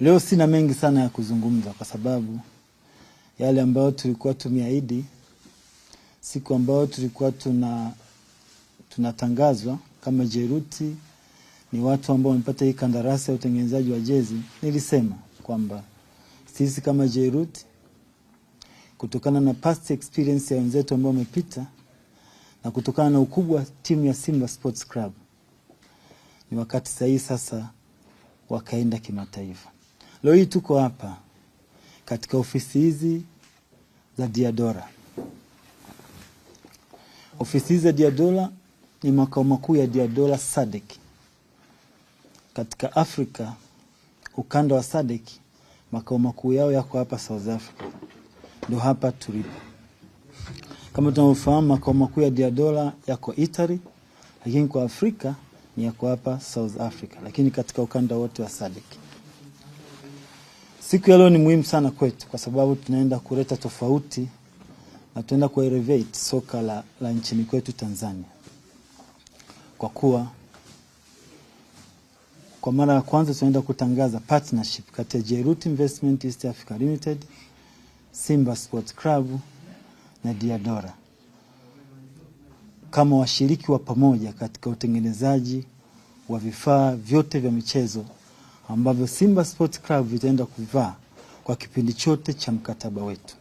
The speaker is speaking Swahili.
Leo sina mengi sana ya kuzungumza kwa sababu yale ambayo tulikuwa tumeahidi siku ambayo tulikuwa tuna tunatangazwa kama Jeruti ni watu ambao wamepata hii kandarasi ya utengenezaji wa jezi, nilisema kwamba sisi kama Jeruti kutokana na past experience ya wenzetu ambao wamepita na kutokana na ukubwa timu ya Simba Sports Club ni wakati sahihi sasa wakaenda kimataifa. Leo hii tuko hapa katika ofisi hizi za Diadora. Ofisi hizi za Diadora ni makao makuu ya Diadora SADC katika Afrika, ukanda wa SADC. Makao makuu yao yako hapa South Africa, ndio hapa tulipo. Kama tunavyofahamu, makao makuu ya Diadora yako Italy, lakini kwa Afrika ni yako hapa South Africa, lakini katika ukanda wote wa SADC. Siku ya leo ni muhimu sana kwetu kwa sababu tunaenda kuleta tofauti na tunaenda kuelevate soka la, la nchini kwetu Tanzania, kwa kuwa kwa mara ya kwanza tunaenda kutangaza partnership kati ya Jeruti Investment East Africa Limited, Simba Sports Club na Diadora kama washiriki wa pamoja katika utengenezaji wa vifaa vyote vya michezo ambavyo Simba Sports Club itaenda kuvaa kwa kipindi chote cha mkataba wetu.